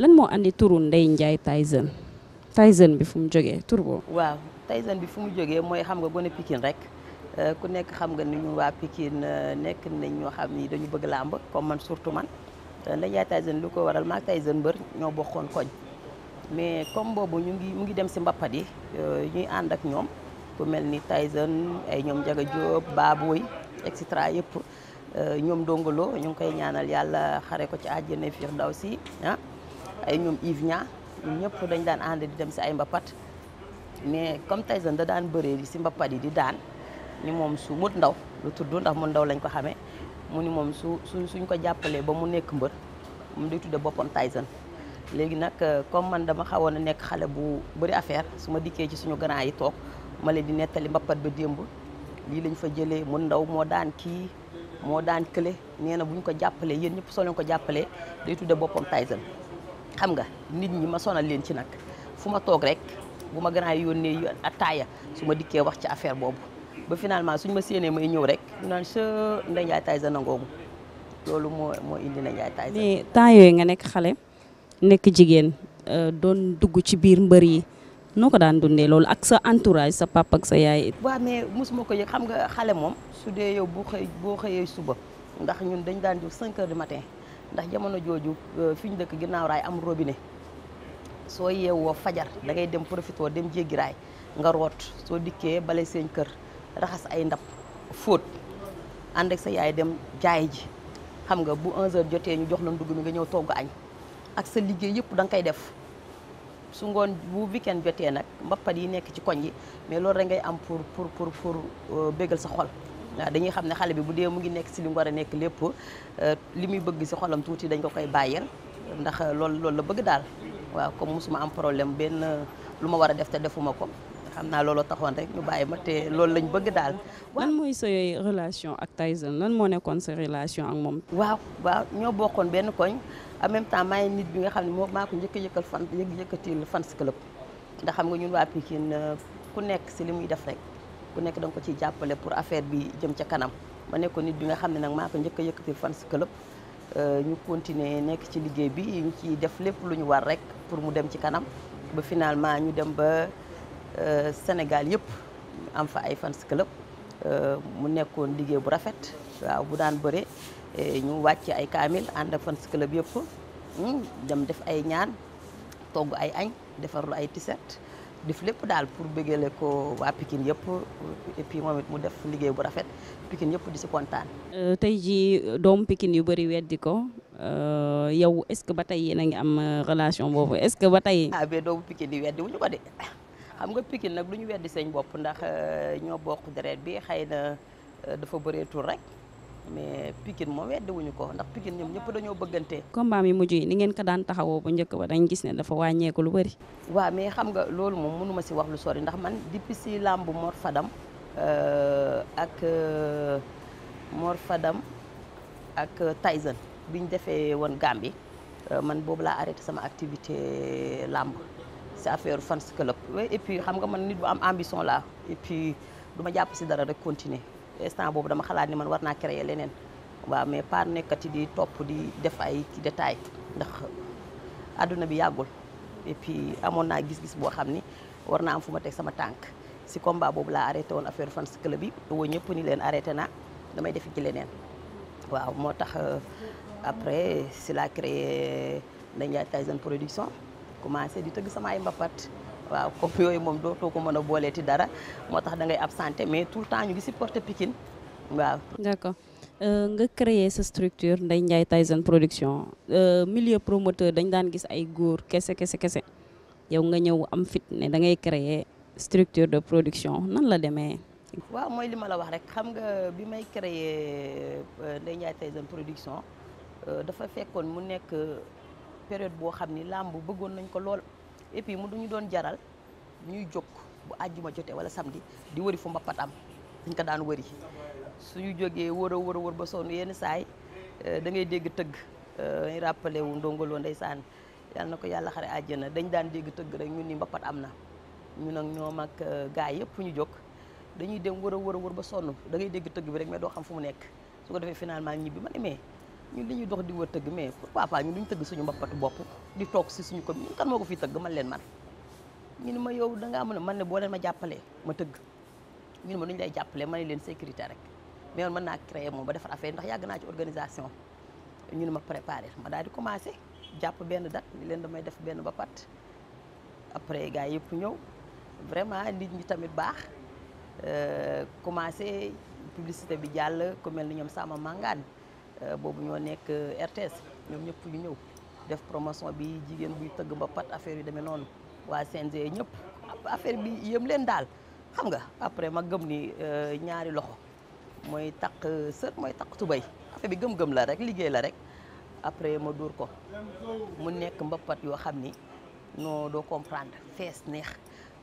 lan moo andi turu Ndeye Ndiaye Tyson Tyson bi fu mu jógee tur boobu. waaw Tyson bi fu mu jógee mooy xam nga gone Pikine rek euh, ku nekk xam nga ni ñu waa Pikine euh, nekk nañ ñoo xam ni dañu bëgg làmb comme man surtout man euh, Ndeye Ndiaye Tyson lu ko waral maak Tyson mbër ñoo bokkoon koñ. mais comme boobu ñu ngi mu ngi dem si mbappat yi ñuy ànd ak ñoom ku mel ni Tyson ay ñoom Ndiaga Diop Baboy et cetera yëpp ñoom Dongolo ñu ngi koy ñaanal yàlla xare ko ci àjjana firdawsi ah. ay ñoom Yves Niang ñëpp dañ daan ànd di dem si ay mbapat mais comme Tyson da daan bëree di si mbappat yi di daan ni moom su mut ndaw lu tudd ndax mu ndaw lañ ko xamee mu ni moom su su suñ ko jàppalee ba mu nekk mbët mu day tudde boppam Tyson léegi nag euh, comme man dama xawoon a nekk xale bu bëri affaire su ma dikkee ci suñu grand yi toog ma leen di nettali mbapat ba démb lii lañ fa jëlee mu ndaw moo daan kii moo daan kële nee na bu ñu ko jàppalee yéen ñëpp soo ko jàppalee day tudde boppam Tyson xam nga nit ñi ma sonal leen ci nag fu ma toog rek bu ma gënaa yónnee yu attaaya su ma dikkee wax ci affaire boobu ba finalement suñ ma séenee may ñëw rek ñu naan sa Ndeye Ndiaye nangoomu loolu moo moo indi Ndeye Ndiaye temps yooyu nga nekk xale nekk jigéen euh, doon dugg ci biir mbër yi noo ko daan dundee loolu ak sa entourage sa papa sa yaay. waaw mais mosuma ko yëg xam nga xale moom su dee yow boo xëy boo xëyee suba ndax ñun dañ daan jóg 5 heures du matin. ndax jamono jooju euh, fi ñu dëkk ginnaaw raay am robine soo yeewoo fajar da ngay dem profitoo dem jéggi raay nga root soo dikkee bale seen kër raxas ay ndab fóot ànd ak sa yaay dem jaay ji xam nga bu 11 jotee ñu jox la ndugg mi nga ñëw togg añ ak sa liggéey yëpp da nga koy def su ngoon bu weekend jotee nag mbappat yi nekk ci koñ yi mais loolu rek ngay am pour pour pour pour euh, bégal sa xol waaw dañuy xam ne xale bi bu dee mu ngi nekk si li mu war a nekk lépp euh, li muy bëgg si xolam tuuti dañ ko koy bàyyeel ndax euh, loolu loolu la bëgg daal waaw comme musuma am problème benn euh, lu ma war a def te defuma ko xam naa looloo taxoon rek ñu bàyyi ma te loolu lañ bëgg daal. lan mooy sa relation ak Tyson lan moo nekkoon sa relation ak moom. waaw waaw ñoo bokkoon benn koñ en même temps maay nit bi nga xam ne moom maa ko njëkk a yëkkal fan yëkkatil fans club ndax xam nga ñun waa Pikine ku nekk si li muy def rek. ku nekk da ko ciy jàppale pour affaire bi jëm ca kanam ma nekkoon nit bi nga xam ne nag maa ko njëkk a yëkkati fans club euh, ñu continuer nekk ci liggéey bi ñu ciy def lépp lu ñu war rek pour mu dem ci kanam ba finalement ñu dem ba euh, Sénégal yëpp am fa ay fans club euh, mu nekkoon liggéey bu rafet waaw bu daan bëre ñu wàcc ay kaamil ànd ak fans club yëpp hmm, dem def ay ñaan togg ay añ defarlu ay tiset def lépp daal pour bëggale ko waa Pikine yëpp et puis moom it mu def liggéey bu rafet Pikine yëpp di si kontaan. Euh, tey jii doomu pikin yu bëri weddi ko euh, yow est-ce que ba tey yéen a ngi am euh, relation boobu est-ce que ba tey. ah mais doomu Pikine yi weddi wuñu ko de xam nga Pikine nag lu ñu weddi seen bopp ndax ñoo bokk deret bi xëy na dafa bëreetul rek. mais Pikine moom weddi wuñu ko ndax Pikine ñoom ñëpp dañoo bëggante. combat yi mujj yi ni ngeen ko daan taxawoo ba njëkk ba dañ gis ne dafa wàññeeku lu bëri. waa mais xam nga loolu moom mënu si wax lu sori ndax man depuis si làmb Mor Fadam euh, ak euh, Mor Fadam ak euh, Tyson bi ñu defee woon Gambie man boobu laa arrêté sama activité làmb si affaire fans club et puis xam nga man nit bu am ambition laa et puis du ma jàpp si dara rek continuer instant boobu dama xalaat ni man war naa créer leneen waaw mais pas nekkati di topp di def ay détails ndax àdduna bi yàggul et amoon naa gis-gis boo xam ni war naa am fu ma teg sama tànk si combat boobu laa arrêté woon affaire fans club bi woo ñëpp ni leen arrêté naa damay defi ci leneen waaw moo tax euh, après si laa créé Ndeye Ndiaye Tyson production commencé di tëgg sama ay mbapat waaw comme yooyu moom dootoo ko mën a booleeti dara moo tax da ngay absenté mais tout le temps ñu ngi supporté Pikine waaw. d'accord euh, nga créer sa structure Ndeye Ndiaye Tyson production euh, milieu promoteur dañ daan gis ay góor kese kese kese yow nga ñëw am fit ne da ngay créer structure de production nan la demee. waaw mooy li ma la wax rek xam nga bi may créer euh, Ndeye Ndiaye Tyson production dafa fekkoon mu nekk période boo xam ni làmb bëggoon nañ ko lool et puis mu duñu doon jaral. ñuy jóg bu àjjuma jotee wala samedi di wëri fu mbappat am dañ ko daan wëri su ñu jógee wër a wër wër ba sonn yenn saay eh, da ngay dégg tëgg dañ eh, rappelé wu ndongoloo ndeysaan yal na ko yàlla xare àjjana dañ daan dégg tëgg rek ñun ni mbappat am na ñun ak ñoom eh, gaa gars yëpp ñu jóg dañuy dem wër a wër a ba sonn da ngay dégg tëgg bi rek mais doo xam fu mu nekk su ko defee finalement ñibbi ma ne mais ñun li ñuy dox di wër tëgg mais pourquoi pas ñu duñu tëgg suñu mbappatu bopp di toog si suñu commune kan moo ko fi tëgg man leen man ñu ne ma yow da ngaa mën a man ne boo leen ma jàppalee ma tëgg ñu ne ma nu lay jàppalee ma ne leen sécurité rek mais man mën naa créer moom ba defar affaire ndax yàgg naa ci organisation ñu ne ma préparé ma daal di commencé jàpp benn date ni leen damay def benn ba pat après gars yëpp ñëw vraiment nit ñi tamit baax euh, commencé publicité bi jàll ku mel ni ñoom sama màngaan euh, boobu ñoo nekk euh, RTS ñoom ñëpp ñu ñëw def promotion bi jigéen buy tëgg mbapat affaire yu demee noonu waa CNG ñëpp affaire bi yëm leen daal xam nga après ma gëm ni euh, ñaari loxo mooy takk euh, sër mooy takk tubéy affaire bi gëm-gëm la rek liggéey la rek après ma dóor ko mu nekk mbappat yoo xam ni non doo comprendre fees neex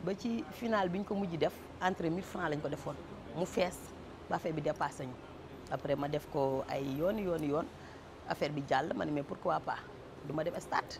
ba ci final bi ñu ko mujj def entre mille francs lañ ko defoon mu fees ba affaire bi dépassé ñu après ma def ko ay yoon yoon yoon affaire bi jàll ma ne mais pourquoi pas du ma dem stade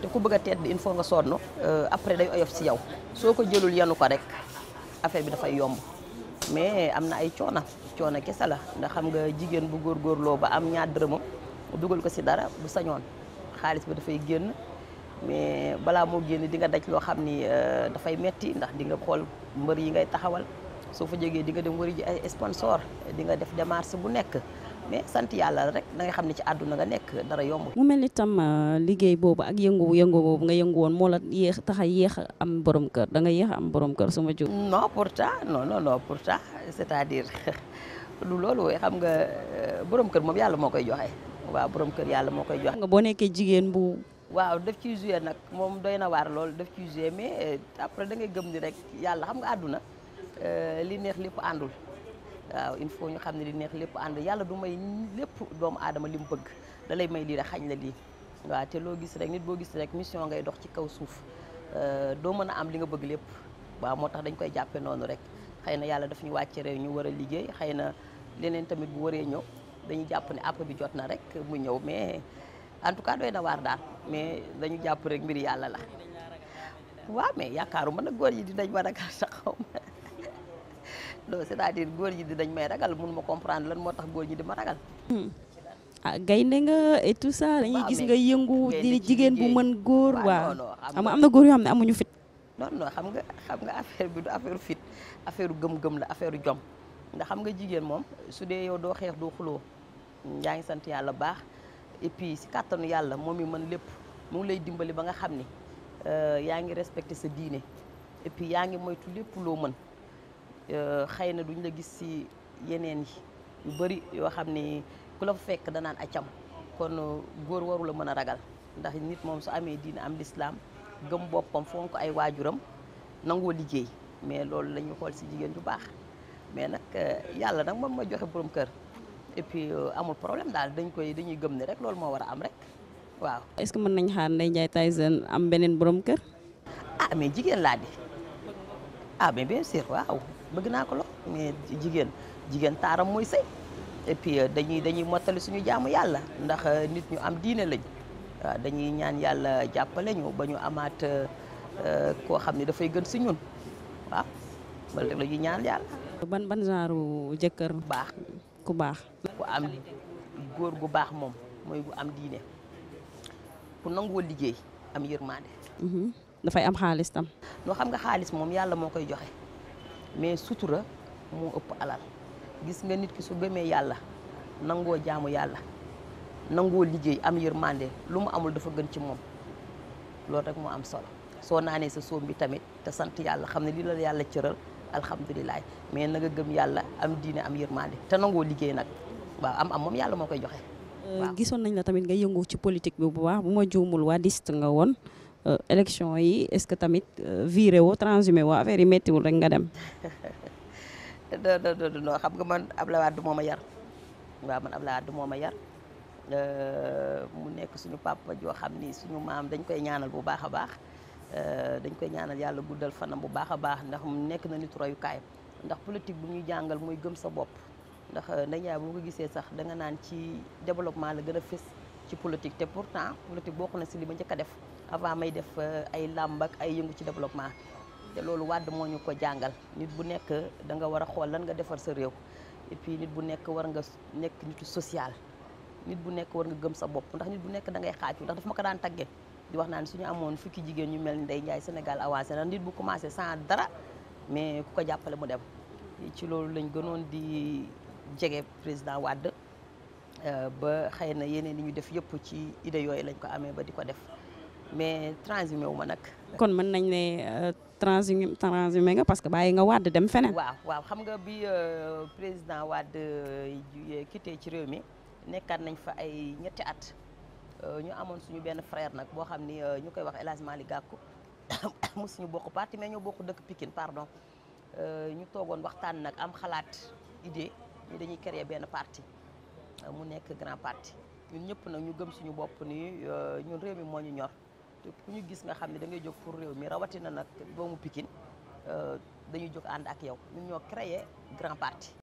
te ku bëgg a tedd il faut nga sonn euh, après day oyof si yow soo ko jëlul yenu ko rek affaire bi dafay yomb mais am na ay coona coona kese la ndax xam nga jigéen bu góor góorloo ba am ñaar dërëmam dugal ko si dara bu sañoon xaalis bi dafay génn mais balaa moo génn di nga daj loo xam ni euh, dafay metti ndax di nga xool mbër yi ngay taxawal soo fa jegee di nga dem wëri ji ay sponsor di nga def démarche bu nekk mais sant yàlla rek dangay xam ne ci àdduna nga nekk dara yomb mu mel ni tam euh, liggéey boobu ak yëngu yëngu boobu nga yëngu woon moo la yéex tax a yéex am borom kër danga nga am boroom kër su ma jur non pourtant non non non pourtant c'est-à-dire lu loolu xam nga euh, borom kër moom yàlla moo koy joxe waaw borom kër yàlla moo koy joxe nga boo nekkee jigéen bu waaw daf ciy nag moom doy na waar lool daf ciy mais euh, après da ngay gëm ni rek yàlla xam nga àdduna li neex lépp àndul waaw il faut ñu xam ne li neex lépp ànd yàlla du may lépp doomu aadama li mu bëgg dalay may lii rek xañ la lii waaw te loo gis rek nit boo gis rek mission ngay dox ci kaw suuf euh, doo mën a am li nga bëgg lépp waaw moo tax dañ koy jàppe noonu rek xëy na yàlla daf ñu wàcce réew ñu war a liggéey xay na leneen tamit bu waree ñëw dañu jàpp ne àpp bi jot na rek mu ñëw mais en tout cas doy na waar daal mais dañu jàpp rek mbir yàlla la waaw mais yaakaaruma nag góor yi dinañ war a xaw c'est-à-dire góor ñi dañ may ragal mënu ma comprendre lan motax tax góor ñi di ma ragal kan? hmm. ah gaynde nga et tout ça dañuy gis nga yëngu di jigen bu mën góor wa am amna na yu yoo amuñu fit non non xam nga xam nga affaire bi du affaire fit affaire gëm-gëm la affaire jom ndax xam nga jigen mom su dee yow do xex do xuloo yaa ngi sant yalla baax et puis ci kàttanu yalla momi man lepp mu ngi lay dimbali ba nga xamni euh yaa ngi respecté sa diine et puis yaa ngi moytu lepp lo man Euh, xëy na duñ la gis si yeneen yi yu bëri yoo xam ni ku la fu fekk danaan acam kon euh, góor warula mën a ragal ndax nit moom su amee diine am lislaam gëm boppam fonk ay waajuram nangoo liggéey mais loolu lañuy xool si jigéen ju baax mais nag euh, yàlla nag moom ma joxe borom kër et puis amul problème daal dañ koy dañuy gëm ne rek loolu moo war a am rek waaw. est-ce que mën nañ xaar Ndeye Ndiaye Tyson am beneen boroom kër. ah mais jigéen laa di ah mais bien sûr bëgg naa ko lool mais jigéen jigéen taaram mooy sëy et euh, dañuy dañuy mottali suñu jaamu yàlla ndax euh, nit ñu am diine lañ dañuy ñaan yàlla jàppale ñu ba ñu amaat euh, koo xam ne dafay gën si ñun waaw loolu la ñuy ñaan yàlla. ban ban genre jëkkër. baax ku baax. ku am góor gu baax moom mooy gu am diine ku nangoo liggéey am yërmande. Mhm. dafay am xaalis tam. noo xam nga xaalis moom yàlla moo koy joxe. mais sutura moo ëpp alal gis nga nit ki su gëmee yàlla nangoo jaamu yàlla nangoo liggéey am yërmande lu mu amul dafa gën ci moom loolu rek mu am solo soo naanee sa soom bi tamit te sant yàlla xam ne lii la yàlla cëral alhamdulilah mais na nga gëm yàlla am diine am yërmande te nangoo liggéey nag waaw am am moom yàlla moo koy joxe. Euh, gisoon nañ la tamit nga yëngu ci politique bi bu baax bu ma juumul waa liste nga woon. Euh, élection yi est-ce que tamit euh, viré woo transhumé woo affaire yi méttiwul rek nga dem. do do non xam nga man Abdoulaye Wade moma yar wa man Abdoulaye Wade moma yar euh mu nek suñu papa jo xamni suñu maam dañ koy ñaanal bu baax a baax euh, dañ koy ñaanal yalla guddal fanam bu baax a baax ndax mu nek na nit kay ndax politique bu ñuy jàngal mooy gëm sa bop ndax Ndeye Ndiaye boo ko gisee sax da nga naan ci développement la gëna a ci politique té pourtant politique bokku na ci li ma njëkk def. avant may def eh, ay lamb ak ay yëngu ci développement té lolu wad mo ñu ko jangal nit bu nekk da nga wara a lan nga défar sa réew et puis nit bu nekk war nga nekk nitu social nit bu nekk war nga gëm sa bop ndax nit bu nekk da ngay xaaju ndax daf ma ko daan tagge di wax naan suñu amone fukki jigéen ñu melni ni Ndeye Sénégal avancé na nit bu commencé sans dara mais ku ko jappalé mu dem ci lolu lañ gënon di jege président euh ba xeyna yeneen ñu def yépp ci idée yoy lañ ko amé ba di def mais transhumé wu ma nag. kon mën nañ ne euh, transhumé transhumé nga parce que bàyyi nga Wade dem feneen. waaw waaw xam nga bi euh, président Wade euh, quitté ci réew mi nekkaat nañ fa ay ñetti at ñu amoon suñu benn frère nag boo xam ni ñu koy wax El Hadj Malick mu suñu bokk parti mais ñoo bokk dëkk Pikine pardon ñu toogoon waxtaan nag am xalaat idée ñu dañuy créer benn parti mu nekk grand parti ñun ñëpp nag ñu gëm suñu bopp ni ñun réew mi moo ñu ñor. ku ñu gis nga xam ne da ngay jóg pour réew mi rawatina nag doomu Pikine euh, dañuy jóg ànd ak yow ñun ñoo créé grand parti